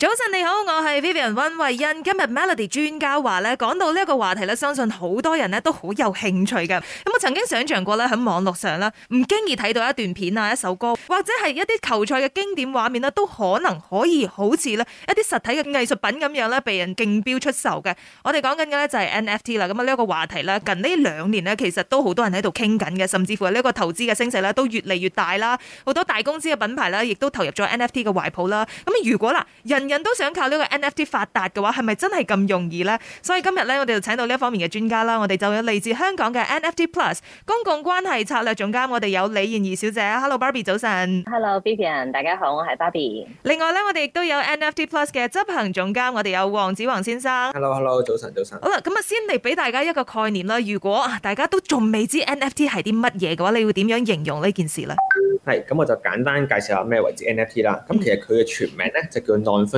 早晨你好，我係 Vivian 温慧欣。今日 Melody 專家話咧，講到呢一個話題咧，相信好多人咧都好有興趣噶。咁我曾經想象過咧？喺網絡上咧，唔經意睇到一段片啊，一首歌，或者係一啲球賽嘅經典畫面呢，都可能可以好似咧一啲實體嘅藝術品咁樣咧，被人競標出售嘅。我哋講緊嘅咧就係 NFT 啦。咁啊呢一個話題咧，近呢兩年咧，其實都好多人喺度傾緊嘅，甚至乎呢個投資嘅聲勢咧都越嚟越大啦。好多大公司嘅品牌咧，亦都投入咗 NFT 嘅懷抱啦。咁如果嗱，因人都想靠呢個 NFT 發達嘅話，係咪真係咁容易呢？所以今日咧，我哋就請到呢一方面嘅專家啦。我哋就有嚟自香港嘅 NFT Plus 公共關係策略總監，我哋有李燕儀小姐。Hello，Barbie，早晨。Hello，Vivian，大家好，我係 Barbie。另外咧，我哋亦都有 NFT Plus 嘅執行總監，我哋有黃子宏先生。Hello，Hello，hello，早晨，早晨。好啦，咁啊，先嚟俾大家一個概念啦。如果大家都仲未知 NFT 係啲乜嘢嘅話，你會點樣形容呢件事呢？係咁，我就簡單介紹下咩為之 NFT 啦。咁其實佢嘅全名咧就叫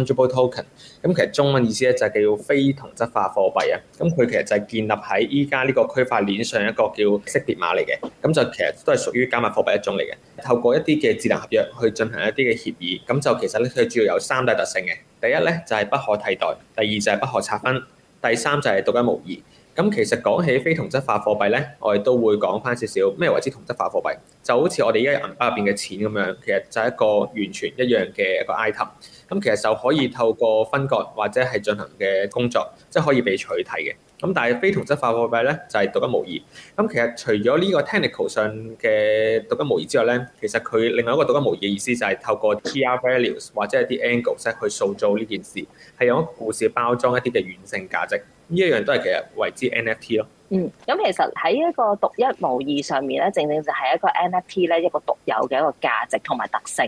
Noble token，咁其實中文意思咧就係叫非同質化貨幣啊，咁佢其實就係建立喺依家呢個區塊鏈上一個叫識別碼嚟嘅，咁就其實都係屬於加密貨幣一種嚟嘅，透過一啲嘅智能合約去進行一啲嘅協議，咁就其實咧佢主要有三大特性嘅，第一咧就係不可替代，第二就係不可拆分，第三就係獨一無二。咁其實講起非同質化貨幣咧，我哋都會講翻少少咩為之同質化貨幣？就好似我哋而家銀包入邊嘅錢咁樣，其實就係一個完全一樣嘅一個 item。咁其實就可以透過分割或者係進行嘅工作，即係可以被取締嘅。咁但係非同質化貨幣咧就係獨一無二。咁其實除咗呢個 technical 上嘅獨一無二之外咧，其實佢另外一個獨一無二嘅意思就係透過 TR values 或者係啲 angles 去塑造呢件事，係用一個故事包裝一啲嘅軟性價值。呢一樣都係其實為之 NFT 咯。嗯，咁其實喺一個獨一無二上面咧，正正就係一個 NFT 咧，一個獨有嘅一個價值同埋特性。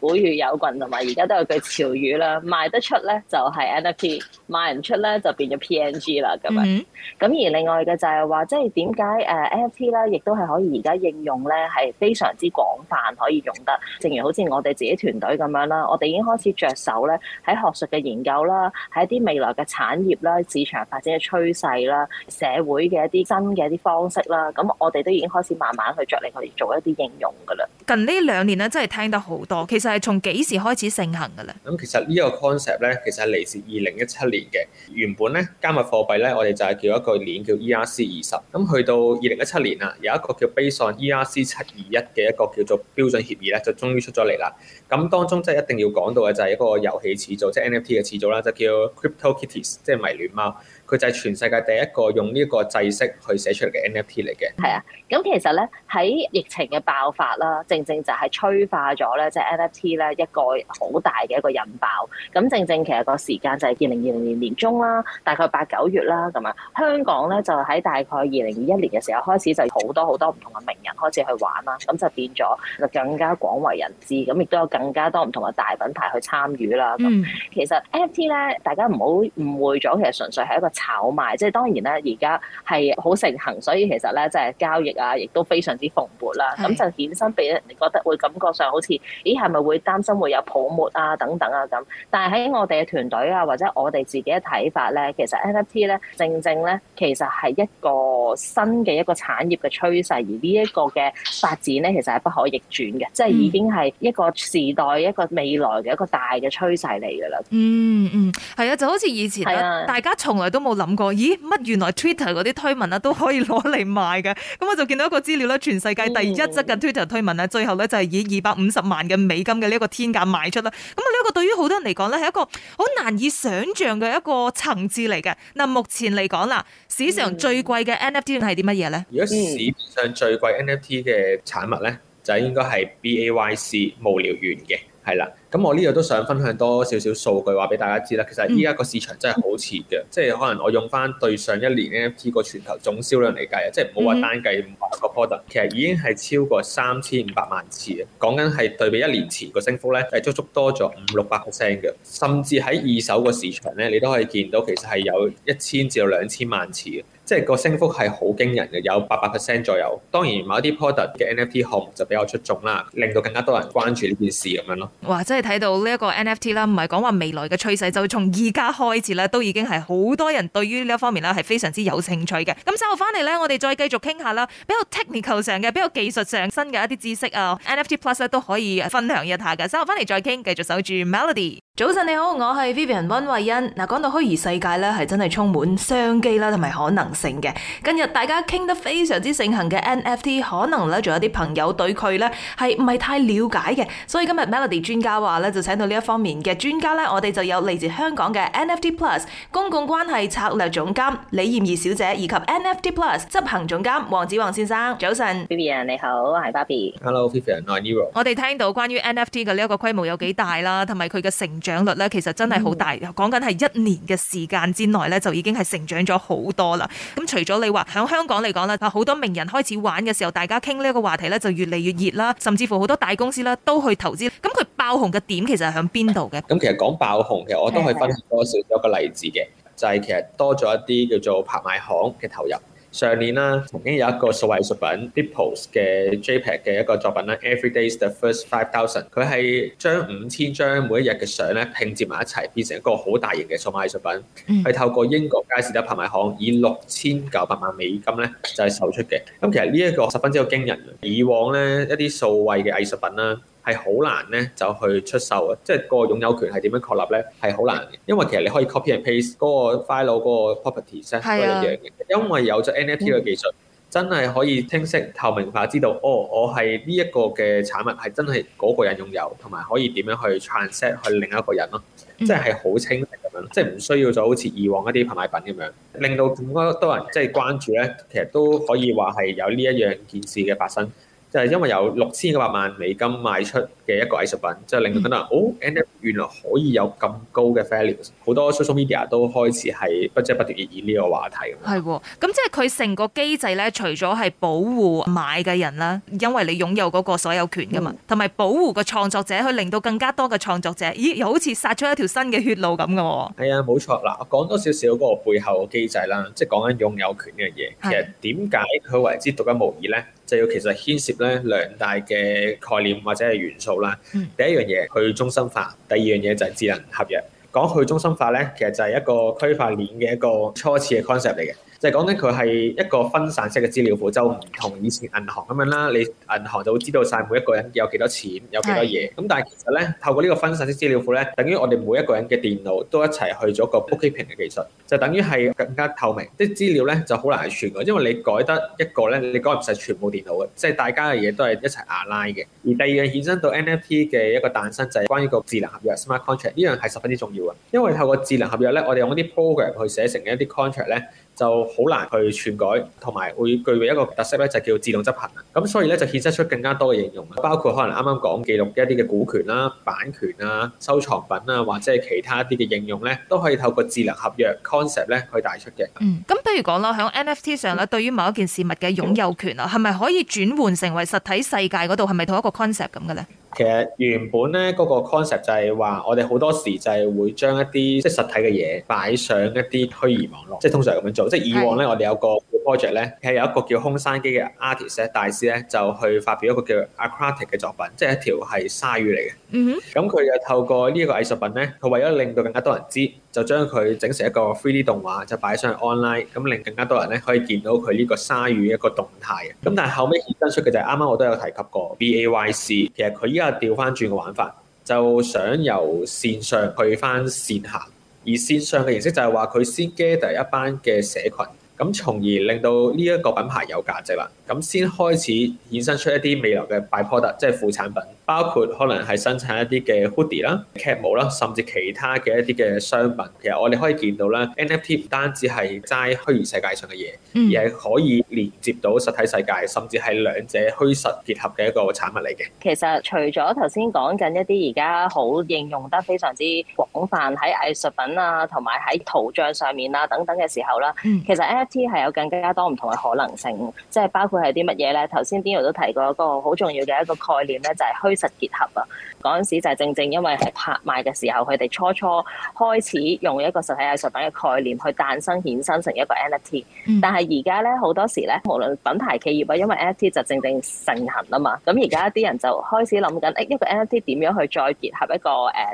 古語有云同埋而家都有句潮語啦，賣得出咧就係、是、NFT，賣唔出咧就變咗 PNG 啦咁樣，咁、mm hmm. 而另外嘅就係話即係點解誒 NFT 咧，亦都係可以而家應用咧，係非常之廣泛，可以用得。正如好似我哋自己團隊咁樣啦，我哋已經開始着手咧，喺學術嘅研究啦，喺一啲未來嘅產業啦、市場發展嘅趨勢啦、社會嘅。一啲新嘅一啲方式啦，咁我哋都已經開始慢慢去着力我哋做一啲應用噶啦。近呢兩年咧，真係聽得好多。其實係從幾時開始盛行噶咧？咁其實呢個 concept 咧，其實係嚟自二零一七年嘅。原本咧加密貨幣咧，我哋就係叫一個鏈叫 ERC 二十。咁、嗯、去到二零一七年啊，有一個叫 Base on ERC 七二一嘅一個叫做標準協議咧，就終於出咗嚟啦。咁、嗯、當中真係一定要講到嘅就係一個遊戲始祖，即係 NFT 嘅始祖啦，就叫 Crypto Kitties，即係迷戀貓。佢就係全世界第一個用呢一個製式去寫出嚟嘅 NFT 嚟嘅。係啊，咁其實咧喺疫情嘅爆發啦，正正就係催化咗咧，即係 NFT 咧一個好大嘅一個引爆。咁正正其實個時間就係二零二零年年中啦，大概八九月啦咁啊。香港咧就喺大概二零二一年嘅時候開始就好多好多唔同嘅名人開始去玩啦，咁就變咗就更加廣為人知。咁亦都有更加多唔同嘅大品牌去參與啦。咁、嗯、其實 NFT 咧，大家唔好誤會咗，其實純粹係一個炒賣，即係當然咧，而家係好盛行，所以其實咧就係交易啊，亦都非常之蓬勃啦。咁的就顯身俾人哋覺得會感覺上好似，咦係咪會擔心會有泡沫啊等等啊咁？但係喺我哋嘅團隊啊，或者我哋自己嘅睇法咧，其實 NFT 咧正正咧其實係一個新嘅一個產業嘅趨勢，而呢一個嘅發展咧其實係不可逆轉嘅，嗯、即係已經係一個時代、一個未來嘅一個大嘅趨勢嚟噶啦。嗯嗯，係啊，就好似以前啊，的大家從來都～冇諗過，咦？乜原來 Twitter 嗰啲推文啊都可以攞嚟賣嘅？咁我就見到一個資料咧，全世界第一則嘅 Twitter 推文啊，最後咧就係以二百五十萬嘅美金嘅呢一個天價賣出啦。咁啊呢一個對於好多人嚟講咧係一個好難以想象嘅一個層次嚟嘅。嗱，目前嚟講啦，史上最貴嘅 NFT 係啲乜嘢咧？如果史上最貴 NFT 嘅產物咧，就應該係 BAYC 無聊猿嘅。係啦，咁我呢度都想分享多少少數據，話俾大家知啦。其實依家個市場真係好熱嘅，即係、嗯、可能我用翻對上一年 NFT 個全球總銷量嚟計啊，即係唔好話單計五百個 product，其實已經係超過三千五百萬次嘅。講緊係對比一年前個升幅咧，係足足多咗五六百 percent 嘅。甚至喺二手個市場咧，你都可以見到其實係有一千至到兩千萬次嘅。即係個升幅係好驚人嘅，有八百%左右。當然，某一啲 product 嘅 NFT 項目就比較出眾啦，令到更加多人關注呢件事咁樣咯。嘩，真係睇到呢一個 NFT 啦，唔係講話未來嘅趨勢，就從而家開始咧，都已經係好多人對於呢一方面咧係非常之有興趣嘅。咁、嗯、稍後翻嚟咧，我哋再繼續傾下啦，比較 technical 上嘅，比較技術上新嘅一啲知識啊，NFT Plus 咧都可以分享一下嘅。稍後翻嚟再傾，繼續守住 Melody。早晨你好，我係 Vivian 溫慧欣。嗱，講到虛擬世界咧，係真係充滿商機啦，同埋可能性嘅。近日大家傾得非常之盛行嘅 NFT，可能咧，仲有啲朋友對佢咧係唔係太了解嘅。所以今日 Melody 專家話咧，就請到呢一方面嘅專家咧，我哋就有嚟自香港嘅 NFT Plus 公共關係策略總監李艷儀小姐，以及 NFT Plus 執行總監黃子旺先生。早晨，Vivian 你好，係 Barbie。Hello Vivian，I'm Nero。我哋聽到關於 NFT 嘅呢一個規模有幾大啦，同埋佢嘅成。長率咧，其實真係好大，講緊係一年嘅時間之內咧，就已經係成長咗好多啦。咁除咗你話響香港嚟講咧，啊好多名人開始玩嘅時候，大家傾呢個話題咧就越嚟越熱啦，甚至乎好多大公司啦都去投資。咁佢爆紅嘅點其實係響邊度嘅？咁其實講爆紅，其實我都去分析多少一個例子嘅，就係、是、其實多咗一啲叫做拍賣行嘅投入。上年啦，曾經有一個數位藝術品 Dippos 嘅 JPEG 嘅一個作品咧，Everyday's the First Five Thousand，佢係將五千張每一日嘅相咧拼接埋一齊，變成一個好大型嘅數碼藝術品，係、嗯、透過英國佳士得拍賣行以六千九百萬美金咧就係、是、售出嘅。咁其實呢一個十分之有驚人。以往咧一啲數位嘅藝術品啦。係好難咧，就去出售啊！即、就、係、是、個擁有權係點樣確立咧？係好難嘅，因為其實你可以 copy and paste 嗰個 file 嗰個 properties 啊，嗰樣嘅。因為有咗 NFT 嘅技術，嗯、真係可以清晰透明化，知道哦，我係呢一個嘅產物係真係嗰個人擁有，同埋可以點樣去 transact 去另一個人咯。即係係好清晰咁樣，即係唔需要就好似以往一啲拍賣品咁樣，令到咁多人即係關注咧，其實都可以話係有呢一樣件事嘅發生。就係因為有六千幾百萬美金賣出嘅一個藝術品，就是、令到可能哦，NFT 原來可以有咁高嘅 values，好多 social media 都開始係不即係不斷議呢個話題。係咁即係佢成個機制咧，除咗係保護買嘅人啦，因為你擁有嗰個所有權噶嘛，同埋、嗯、保護個創作者，可令到更加多嘅創作者，咦，又好似殺咗一條新嘅血路咁噶喎。係啊，冇錯啦，講多少少嗰個背後嘅機制啦，即係講緊擁有權嘅嘢。的其實點解佢為之獨一無二咧？就要其實牽涉咧兩大嘅概念或者係元素啦。嗯、第一樣嘢去中心化，第二樣嘢就係智能合約。講去中心化咧，其實就係一個區塊鏈嘅一個初次嘅 concept 嚟嘅。就係講咧，佢係一個分散式嘅資料庫，就唔同以前銀行咁樣啦。你銀行就會知道晒每一個人有幾多錢，有幾多嘢。咁是的 但係其實咧，透過呢個分散式資料庫咧，等於我哋每一個人嘅電腦都一齊去咗個 bookkeeping 嘅技術，就等於係更加透明，啲係資料咧就好難係篡改，因為你改得一個咧，你改唔曬全部電腦嘅。即係大家嘅嘢都係一齊壓拉嘅。而第二樣衍生到 NFT 嘅一個誕生，就係關於個智能合約 （smart contract）。呢樣係十分之重要嘅，因為透過智能合約咧，我哋用一啲 program 去寫成嘅一啲 contract 咧。就好難去篡改，同埋會具備一個特色咧，就叫自動執行。咁所以咧就顯示出更加多嘅應用，包括可能啱啱講記錄一啲嘅股權啦、版權啦、收藏品啊，或者係其他一啲嘅應用咧，都可以透過智能合約 concept 咧去帶出嘅。嗯，咁譬如講啦，喺 NFT 上啦，對於某一件事物嘅擁有權啊，係咪可以轉換成為實體世界嗰度係咪同一個 concept 咁嘅咧？其實原本咧嗰個 concept 就係話我哋好多時就係會將一啲即係實體嘅嘢擺上一啲虛擬網絡，即係通常咁樣做。即係以往咧，我哋有個 project 咧，其實有一個叫空山機嘅 artist 咧，大師咧就去發表一個叫 aquatic 嘅作品，即係一條係鯊魚嚟嘅。Mm hmm. 嗯，咁佢又透過呢一個藝術品咧，佢為咗令到更加多人知，就將佢整成一個 three D 動畫，就擺上 online，咁、嗯、令更加多人咧可以見到佢呢個鯊魚一個動態嘅。咁、嗯、但係後尾衍生出嘅就係啱啱我都有提及過 B A Y C，其實佢依家調翻轉嘅玩法，就想由線上去翻線下，而線上嘅形式就係話佢先 gather 一班嘅社群。咁，從而令到呢一個品牌有價值啦。咁先開始衍生出一啲未來嘅 byproduct 即係副產品。包括可能係生產一啲嘅 hoodie 啦、cap 帽啦，甚至其他嘅一啲嘅商品。其實我哋可以見到啦，NFT 唔單止係齋虛擬世界上嘅嘢，嗯、而係可以連接到實體世界，甚至係兩者虛實結合嘅一個產物嚟嘅。其實除咗頭先講緊一啲而家好應用得非常之廣泛喺藝術品啊，同埋喺圖像上面啊等等嘅時候啦，嗯、其實 NFT 係有更加多唔同嘅可能性，即係包括係啲乜嘢咧？頭先 Daniel 都提過一個好重要嘅一個概念咧，就係虛實結合啊！嗰陣時就係正正因為係拍賣嘅時候，佢哋初初開始用一個實體藝術品嘅概念去誕生衍生成一個 NFT、嗯。但係而家咧好多時咧，無論品牌企業啊，因為 NFT 就正正盛行啊嘛。咁而家啲人就開始諗緊誒一個 NFT 點樣去再結合一個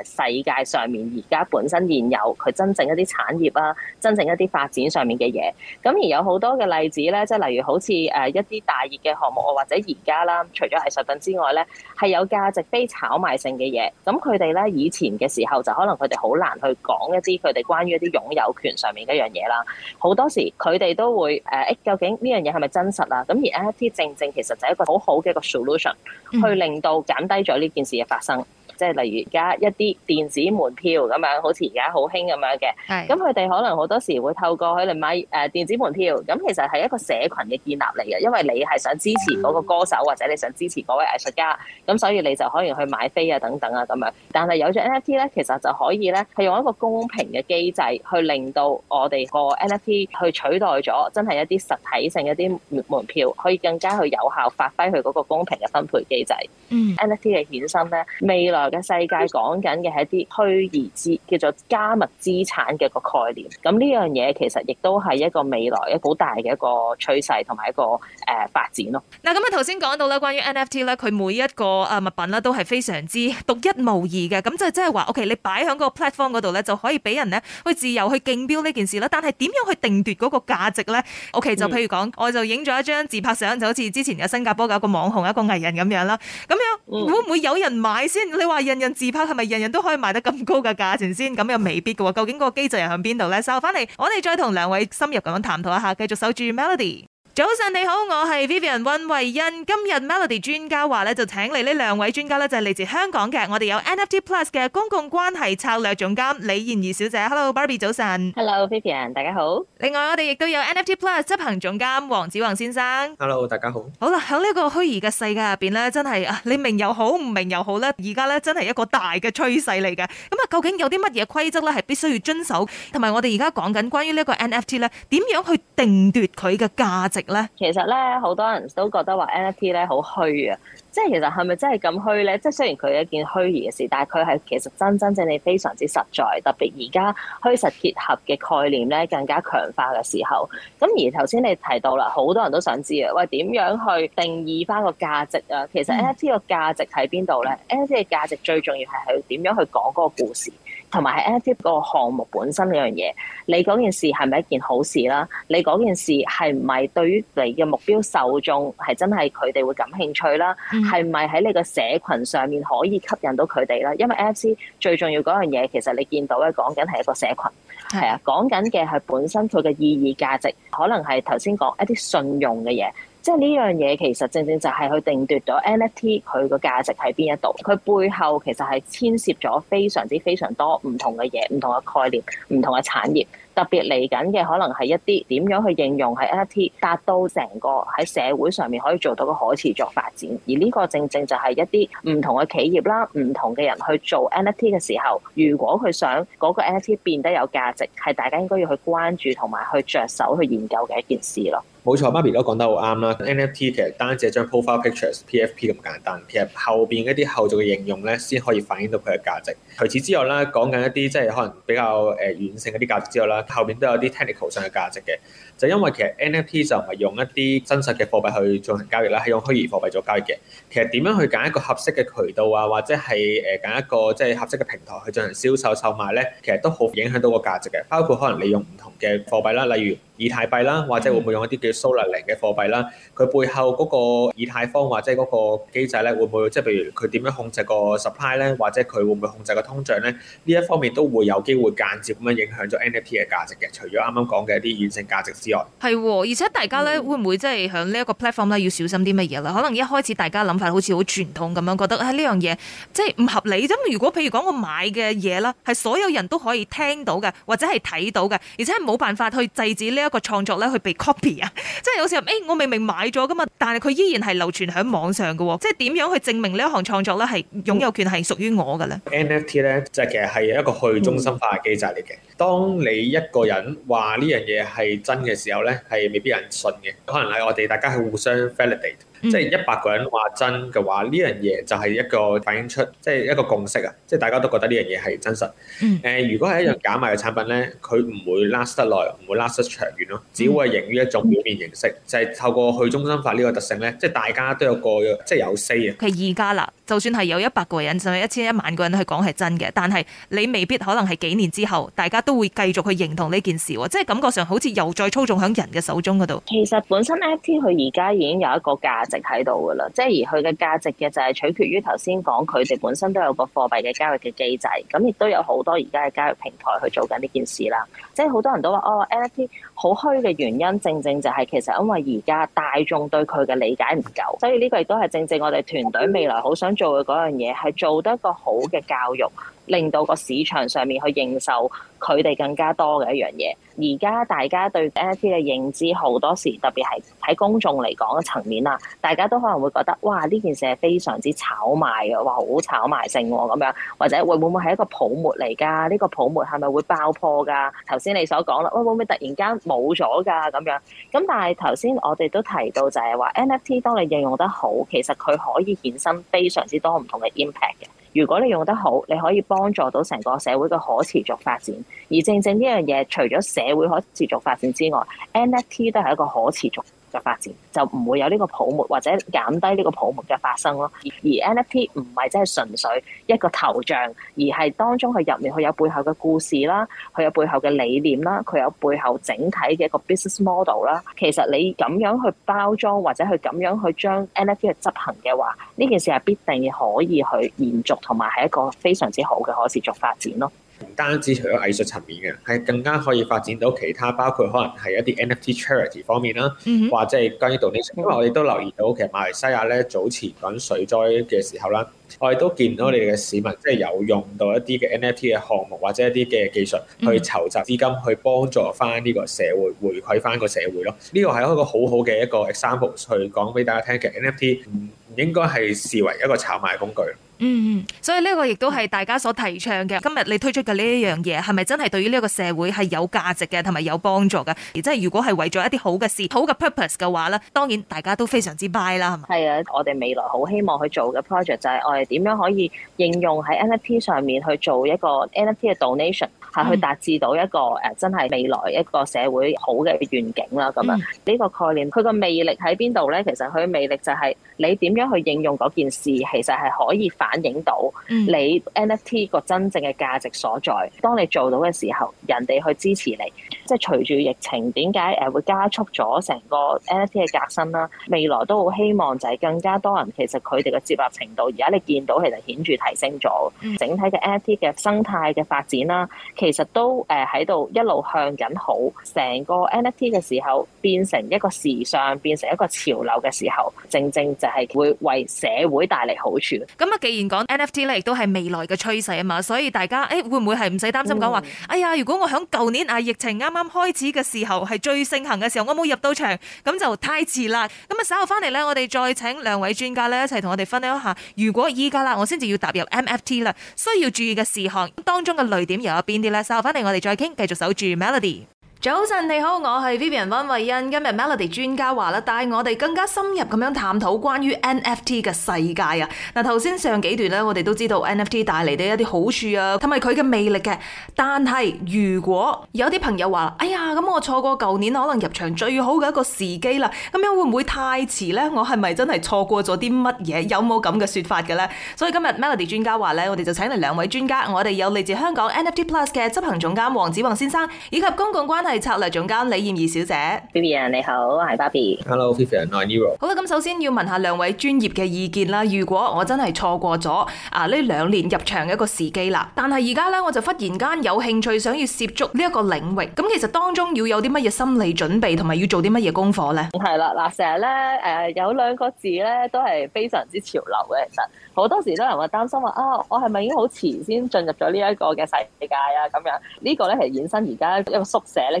誒世界上面而家本身現有佢真正一啲產業啊，真正一啲發展上面嘅嘢。咁而有好多嘅例子咧，即係例如好似誒一啲大熱嘅項目或者而家啦，除咗藝術品之外咧，係有價值非炒賣。性嘅嘢，咁佢哋咧以前嘅時候就可能佢哋好難去講一啲佢哋關於一啲擁有權上面嘅一樣嘢啦。好多時佢哋都會誒、欸，究竟呢樣嘢係咪真實啊？咁而 NFT 正正其實就係一個好好嘅一個 solution，去令到減低咗呢件事嘅發生。嗯。即係例如而家一啲電子門票咁樣，好似而家好興咁樣嘅。係的。咁佢哋可能好多時會透過佢哋買誒電子門票。咁其實係一個社群嘅建立嚟嘅，因為你係想支持嗰個歌手或者你想支持嗰位藝術家。咁所以你就可以去買飛啊等等啊咁樣。但係有咗 NFT 咧，其實就可以咧係用一個公平嘅機制去令到我哋個 NFT 去取代咗真係一啲實體性一啲門票，可以更加去有效發揮佢嗰個公平嘅分配機制。嗯。NFT 嘅衍生咧，未來。世界講緊嘅係一啲虛擬資，叫做加密資產嘅個概念。咁呢樣嘢其實亦都係一個未來一個好大嘅一個趨勢同埋一個誒發展咯。嗱、嗯，咁啊頭先講到咧，關於 NFT 咧，佢每一個啊物品咧都係非常之獨一無二嘅。咁就即係話，OK，你擺喺個 platform 嗰度咧，就可以俾人咧去自由去競標呢件事啦。但係點樣去定奪嗰個價值咧？OK，就譬如講，我就影咗一張自拍相，就好似之前有新加坡嘅一個網紅、一個藝人咁樣啦。咁樣會唔會有人買先？你話、嗯？人人自拍係咪人人都可以賣得咁高嘅價錢先？咁又未必嘅喎。究竟嗰個機制係向邊度呢？稍後返嚟，我哋再同兩位深入咁樣探討一下。繼續守住 Melody。早晨你好，我係 Vivian 溫慧欣。今日 Melody 專家話咧，就請嚟呢兩位專家咧，就係嚟自香港嘅。我哋有 NFT Plus 嘅公共關係策略總監李賢儀小姐，Hello Barbie，早晨。Hello Vivian，大家好。另外我哋亦都有 NFT Plus 執行總監黃子宏先生。Hello，大家好。好啦，喺呢個虛擬嘅世界入邊咧，真係啊，你明又好，唔明又好咧，而家咧真係一個大嘅趨勢嚟嘅。咁啊，究竟有啲乜嘢規則咧係必須要遵守？同埋我哋而家講緊關於呢一個 NFT 咧，點樣去定奪佢嘅價值？咧，其實咧，好多人都覺得話 NFT 咧好虛啊，即係其實係咪真係咁虛咧？即係雖然佢係一件虛擬嘅事，但係佢係其實真真正正非常之實在。特別而家虛實結合嘅概念咧更加強化嘅時候，咁而頭先你提到啦，好多人都想知啊，喂，點樣去定義返個價值啊？其實 NFT 個價值喺邊度咧？NFT 嘅價值最重要係係點樣去講嗰個故事。同埋係 F C 個項目本身呢樣嘢，你嗰件事係咪一件好事啦？你嗰件事係唔係對於你嘅目標受眾，係真係佢哋會感興趣啦？係唔係喺你個社群上面可以吸引到佢哋啦？因為 F c 最重要嗰樣嘢，其實你見到咧講緊，係一個社群，係啊，講緊嘅係本身佢嘅意義價值，可能係頭先講一啲信用嘅嘢。即係呢樣嘢，其實正正就係佢定奪咗 NFT 佢個價值喺邊一度。佢背後其實係牽涉咗非常之非常多唔同嘅嘢、唔同嘅概念、唔同嘅產業。特別嚟緊嘅可能係一啲點樣去應用喺 NFT，達到成個喺社會上面可以做到嘅可持續發展。而呢個正正就係一啲唔同嘅企業啦、唔同嘅人去做 NFT 嘅時候，如果佢想嗰個 NFT 變得有價值，係大家應該要去關注同埋去着手去研究嘅一件事咯。冇錯，媽咪都講得好啱啦。NFT 其實單止係將 profile pictures PFP 咁簡單，其實後邊一啲後續嘅應用咧，先可以反映到佢嘅價值。除此之外啦，講緊一啲即係可能比較誒軟性嗰啲價值之外啦，後邊都有啲 technical 上嘅價值嘅。就因為其實 NFT 就唔係用一啲真實嘅貨幣去進行交易啦，係用虛擬貨幣做交易嘅。其實點樣去揀一個合適嘅渠道啊，或者係誒揀一個即係合適嘅平台去進行銷售、售賣咧，其實都好影響到個價值嘅。包括可能你用唔同嘅貨幣啦，例如，以太幣啦，或者會唔會用一啲叫 s o l a r i 嘅貨幣啦？佢、嗯、背後嗰個以太坊或者嗰個機制咧，會唔會即係譬如佢點樣控制個 supply 咧，或者佢會唔會控制個通脹咧？呢一方面都會有機會間接咁樣影響咗 NFT 嘅價值嘅。除咗啱啱講嘅一啲軟性價值之外，係喎，而且大家咧會唔會即係喺呢一個 platform 咧要小心啲乜嘢啦？可能一開始大家諗法好似好傳統咁樣，覺得啊呢樣嘢即係唔合理啫。咁如果譬如講我買嘅嘢啦，係所有人都可以聽到嘅，或者係睇到嘅，而且係冇辦法去制止呢、呢、一、個個創作咧去被 copy 啊，即係有時候誒、欸，我明明買咗噶嘛，但係佢依然係流傳喺網上嘅，即係點樣去證明呢一項創作咧係擁有權係屬於我嘅咧？NFT 咧就其實係一個去中心化嘅機制嚟嘅，當你一個人話呢樣嘢係真嘅時候咧，係未必有人信嘅，可能係我哋大家去互相即係一百個人話真嘅話，呢樣嘢就係一個反映出，即係一個共識啊！即係大家都覺得呢樣嘢係真實。誒、呃，如果係一樣假賣嘅產品呢，佢唔會 last 得耐，唔會 last 得長遠咯，只會營於一種表面，面形式，就係、是、透過去中心化呢個特性呢，即係大家都有個即係有 say。佢而家啦，就算、是、係有一百個人甚至一千、一萬個人去講係真嘅，但係你未必可能係幾年之後，大家都會繼續去認同呢件事喎。即係感覺上好似又再操縱喺人嘅手中嗰度。其實本身 FT 佢而家已經有一個價。值喺度噶啦，即係而佢嘅價值嘅就係取決於頭先講佢哋本身都有個貨幣嘅交易嘅機制，咁亦都有好多而家嘅交易平台去做緊呢件事啦。即係好多人都話哦，NFT 好虛嘅原因，正正就係其實因為而家大眾對佢嘅理解唔夠，所以呢個亦都係正正我哋團隊未來好想做嘅嗰樣嘢，係做得一個好嘅教育。令到個市場上面去認受佢哋更加多嘅一樣嘢。而家大家對 NFT 嘅認知好多時，特別係喺公眾嚟講嘅層面啊，大家都可能會覺得哇，呢件事係非常之炒賣嘅，話好炒賣性咁樣，或者會唔會係一個泡沫嚟㗎？呢個泡沫係咪會爆破㗎？頭先你所講啦，會唔會突然間冇咗㗎咁樣？咁但係頭先我哋都提到就係話 NFT 當你應用得好，其實佢可以衍生非常之多唔同嘅 impact 嘅。如果你用得好，你可以幫助到成個社會嘅可持續發展。而正正呢樣嘢，除咗社會可持續發展之外，NFT 都係一個可持續嘅發展，就唔會有呢個泡沫，或者減低呢個泡沫嘅發生咯。而 NFT 唔係真係純粹一個頭像，而係當中佢入面佢有背後嘅故事啦，佢有背後嘅理念啦，佢有背後整體嘅一個 business model 啦。其實你咁樣去包裝或者佢咁樣去將 NFT 去執行嘅話，呢件事係必定可以去延續，同埋係一個非常之好嘅可持續發展咯。唔單止除咗藝術層面嘅，係更加可以發展到其他，包括可能係一啲 NFT charity 方面啦，mm hmm. 或者係關於 donation。因為我哋都留意到，其實馬來西亞咧早前緊水災嘅時候啦，我哋都見到你哋嘅市民即係有用到一啲嘅 NFT 嘅項目或者一啲嘅技術去籌集資金去幫助翻呢個社會，回饋翻個社會咯。呢個係一個好好嘅一個 example 去講俾大家聽嘅 NFT。應該係視為一個炒賣工具。嗯，所以呢個亦都係大家所提倡嘅。今日你推出嘅呢一樣嘢，係咪真係對於呢個社會係有價值嘅，同埋有幫助嘅？而真係如果係為咗一啲好嘅事，好嘅 purpose 嘅話咧，當然大家都非常之 buy 啦。係咪？係啊，我哋未來好希望去做嘅 project 就係我哋點樣可以應用喺 NFT 上面去做一個 NFT 嘅 donation。係去達至到一個誒，mm. 真係未來一個社會好嘅願景啦。咁樣，呢、mm. 個概念佢個魅力喺邊度咧？其實佢魅力就係你點樣去應用嗰件事，其實係可以反映到你 NFT 個真正嘅價值所在。Mm. 當你做到嘅時候，人哋去支持你。即、就、係、係、隨住疫情，點解誒會加速咗成個 NFT 嘅革新啦？未來都好希望就係更加多人其實佢哋嘅接納程度，而家你見到其實顯著提升咗、mm. 整體嘅 NFT 嘅生態嘅發展啦。其實都誒喺度一路向緊好，成個 NFT 嘅時候變成一個時尚，變成一個潮流嘅時候，正正就係會為社會帶嚟好處。咁啊，既然講 NFT 咧，亦都係未來嘅趨勢啊嘛，所以大家誒、哎、會唔會係唔使擔心講話？嗯、哎呀，如果我響舊年啊疫情啱啱開始嘅時候係最盛行嘅時候，我冇入到場，咁就太遲啦。咁啊，稍後翻嚟呢，我哋再請兩位專家呢一齊同我哋分享一下，如果依家啦我先至要踏入 NFT 啦，需要注意嘅事項當中嘅雷點又有邊啲？嗱，稍後返嚟我哋再傾，繼續守住 Melody。早晨，你好，我係 Vivian 溫慧欣。今日 Melody 專家話啦，帶我哋更加深入咁樣探討關於 NFT 嘅世界啊。嗱，頭先上幾段呢，我哋都知道 NFT 帶嚟嘅一啲好處啊，同埋佢嘅魅力嘅。但係如果有啲朋友話，哎呀，咁我錯過舊年可能入場最好嘅一個時機啦，咁樣會唔會太遲呢？我係咪真係錯過咗啲乜嘢？有冇咁嘅說法嘅咧？所以今日 Melody 專家話咧，我哋就請嚟兩位專家，我哋有嚟自香港 NFT Plus 嘅執行總監黃子旺先生，以及公共關係。策略總監李豔儀小姐，B B 啊，你好，我係 B Hello, B ibi,。y Hello，Vivian，e r o 好啦，咁首先要問下兩位專業嘅意見啦。如果我真係錯過咗啊呢兩年入場嘅一個時機啦，但係而家咧我就忽然間有興趣想要涉足呢一個領域。咁、嗯、其實當中要有啲乜嘢心理準備同埋要做啲乜嘢功課咧？係、嗯、啦，嗱，成日咧誒有兩個字咧都係非常之潮流嘅。其實好多時都有人話擔心話啊，我係咪已經好遲先進入咗呢一個嘅世界啊？咁樣、這個、呢個咧係衍生而家一個縮寫咧。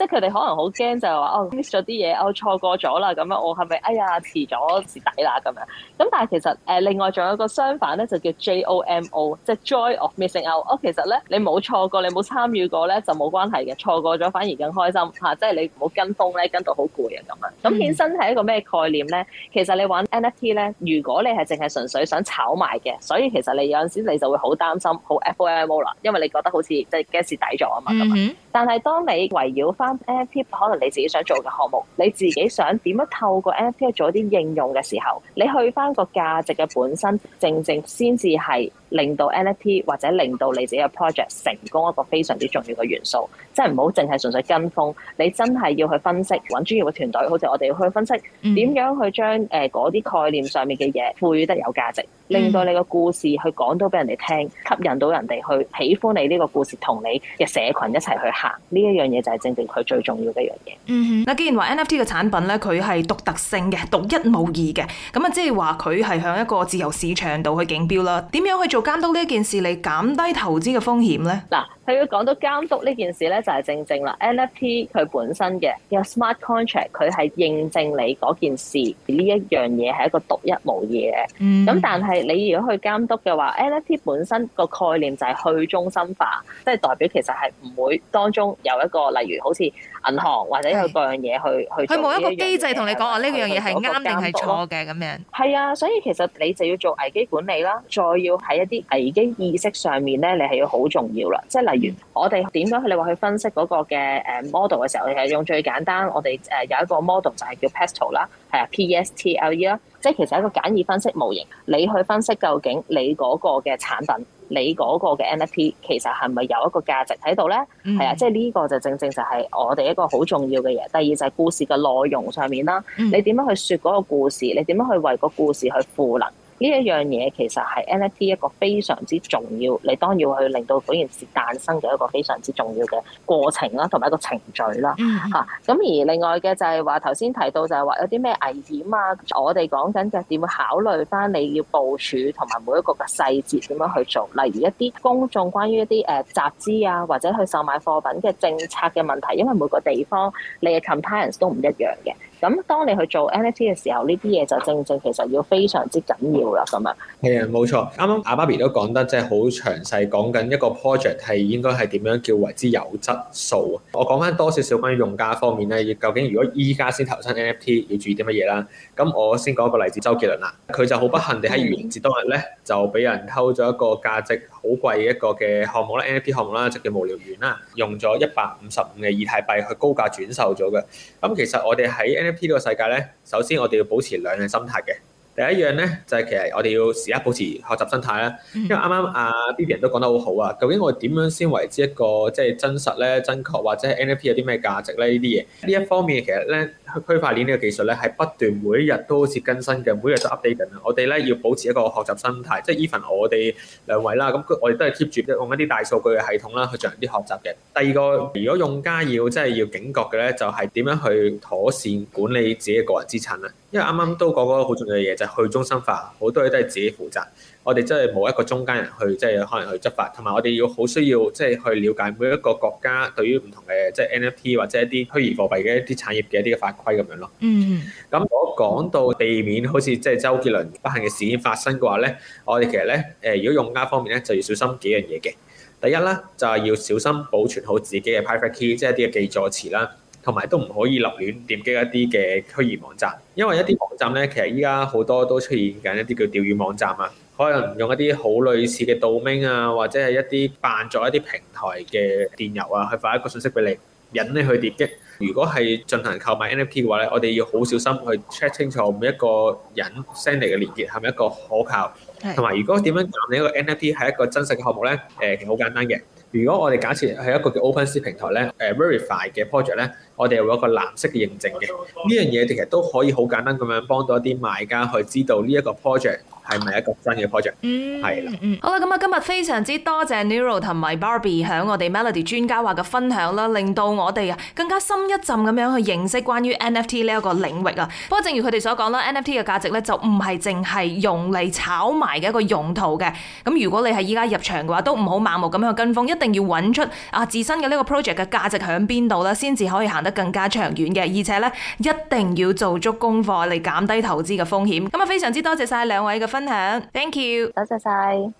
即係佢哋可能好驚就係話哦 miss 咗啲嘢，哦，錯過咗啦咁樣，我係咪哎呀遲咗蝕底啦咁樣？咁但係其實誒、呃、另外仲有一個相反咧，就叫 JOMO，即係 joy of missing out。哦，其實咧你冇錯過，你冇參與過咧就冇關係嘅，錯過咗反而更開心嚇、啊。即係你唔好跟風咧，跟到好攰啊咁樣。咁衍生係一個咩概念咧？其實你玩 NFT 咧，如果你係淨係純粹想炒賣嘅，所以其實你有陣時你就會好擔心好 FOMO 啦，因為你覺得好似即係蝕底咗啊嘛。咁樣，但係當你圍繞翻。App 可能你自己想做嘅項目，你自己想點樣透過 App 做一啲應用嘅時候，你去翻個價值嘅本身，正正先至係，令到 NFT 或者令到你自己嘅 project 成功一個非常之重要嘅元素，即係唔好淨係純粹跟風，你真係要去分析搵專業嘅團隊，好似我哋要去分析、嗯、點樣去將誒啲概念上面嘅嘢賦予得有價值，令到你嘅故事去講到俾人哋聽，吸引到人哋去喜歡你呢個故事，同你嘅社群一齊去行呢一樣嘢，就係正正佢最重要嘅一樣嘢。嗯哼，嗱，既然話 NFT 嘅產品咧，佢係獨特性嘅、獨一無二嘅，咁啊即係話佢係向一個自由市場度去競標啦，點樣去做？監督呢件事嚟減低投資嘅風險咧嗱。佢要講到監督呢件事咧，就係正正啦。NFT 佢本身嘅有 smart contract，佢係認證你嗰件事呢一樣嘢係一個獨一無二嘅。嗯。咁但係你如果去監督嘅話，NFT 本身個概念就係去中心化，即係代表其實係唔會當中有一個例如好似銀行或者去各樣嘢去去。佢冇一個機制同你講話呢樣嘢係啱定係錯嘅咁樣。係啊，所以其實你就要做危機管理啦，再要喺一啲危機意識上面咧，你係要好重要啦。即係例嗯、我哋點解你話去分析嗰個嘅誒 model 嘅時候，係用最簡單，我哋誒有一個 model 就係叫 Pestle 啦，啊，係啊 P E S T L E 啦，即係其實一個簡易分析模型。你去分析究竟你嗰個嘅產品，你嗰個嘅 NFP 其實係咪有一個價值喺度咧？係啊，嗯、即係呢個就正正就係我哋一個好重要嘅嘢。第二就係故事嘅內容上面啦，你點樣去説嗰個故事？你點樣去為個故事去賦能？呢一樣嘢其實係 NFT 一個非常之重要，你當然要去令到嗰件事誕生嘅一個非常之重要嘅過程啦，同埋一個程序啦嚇。咁、嗯嗯啊、而另外嘅就係話頭先提到就係話有啲咩危險啊，我哋講緊就點會考慮翻你要部署同埋每一個嘅細節點樣去做，例如一啲公眾關於一啲誒集資啊或者去售賣貨品嘅政策嘅問題，因為每個地方你嘅 compliance 都唔一樣嘅。咁當你去做 NFT 嘅時候，呢啲嘢就正正其實要非常之緊要啦，咁啊，係啊，冇錯，啱啱阿 Barry 都講得即係好詳細講緊一個 project 係應該係點樣叫為之有質素啊。我講翻多少少關於用家方面咧，究竟如果依家先投身 NFT 要注意啲乜嘢啦？咁我先講一個例子，周杰倫啊，佢就好不幸地喺元日當日咧就俾人偷咗一個價值好貴一個嘅項目啦。NFT 項目啦，就叫無聊猿啦，用咗一百五十五嘅以太幣去高價轉售咗嘅。咁其實我哋喺 NFT 呢個世界咧，首先我哋要保持兩樣心態嘅。第一樣咧，就係、是、其實我哋要時刻保持學習心態啦。因為啱啱阿 B B 人都講得好好啊。究竟我點樣先維之一個即係、就是、真實咧、真確或者係 NFT 有啲咩價值咧？呢啲嘢呢，一方面其實咧。區塊鏈呢個技術咧係不斷每一日都好似更新嘅，每日都 update 緊啊！我哋咧要保持一個學習生態，即係 even 我哋兩位啦，咁我哋都係 keep 住用一啲大數據嘅系統啦，去進行啲學習嘅。第二個，如果用家要即係要警覺嘅咧，就係點樣去妥善管理自己個人資產啦。因為啱啱都講嗰個好重要嘅嘢，就係去中心化，好多嘢都係自己負責。我哋真係冇一個中間人去，即係可能去執法，同埋我哋要好需要即係、就是、去了解每一個國家對於唔同嘅即係、就是、NFT 或者一啲虛擬貨幣嘅一啲產業嘅一啲嘅法規咁樣咯。嗯、mm，咁、hmm。我講到避免好似即係周杰倫不幸嘅事件發生嘅話咧，我哋其實咧誒、呃，如果用家方面咧就要小心幾樣嘢嘅。第一咧就係要小心保存好自己嘅 private key，即係一啲嘅助記詞啦，同埋都唔可以立亂點擊一啲嘅虛擬網站，因為一啲網站咧其實依家好多都出現緊一啲叫釣魚網站啊。可能用一啲好類似嘅 domain 啊，或者係一啲扮作一啲平台嘅電郵啊，去發一個信息俾你，引你去點擊。如果係進行購買 NFT 嘅話咧，我哋要好小心去 check 清楚每一個人 send 嚟嘅連結係咪一個可靠。同埋的，如果點樣揀呢一個 NFT 係一個真實嘅項目咧？誒，其實好簡單嘅。如果我哋假設係一個叫 OpenSea 平台咧，誒 verify 嘅 project 咧。我哋有一個藍色嘅認證嘅，呢樣嘢其實都可以好簡單咁樣幫到一啲賣家去知道呢一個 project 係咪一個真嘅 project，係啦。嗯、的好啦，咁啊今日非常之多謝 Neuro 同埋 Barbie 響我哋 Melody 專家話嘅分享啦，令到我哋啊更加深一浸咁樣去認識關於 NFT 呢一個領域啊。不過正如佢哋所講啦，NFT 嘅價值咧就唔係淨係用嚟炒賣嘅一個用途嘅。咁如果你係依家入場嘅話，都唔好盲目咁去跟風，一定要揾出啊自身嘅呢個 project 嘅價值喺邊度啦，先至可以行得，更加長遠嘅，而且咧一定要做足功課嚟減低投資嘅風險。咁啊，非常之多謝晒兩位嘅分享，Thank you，多謝晒。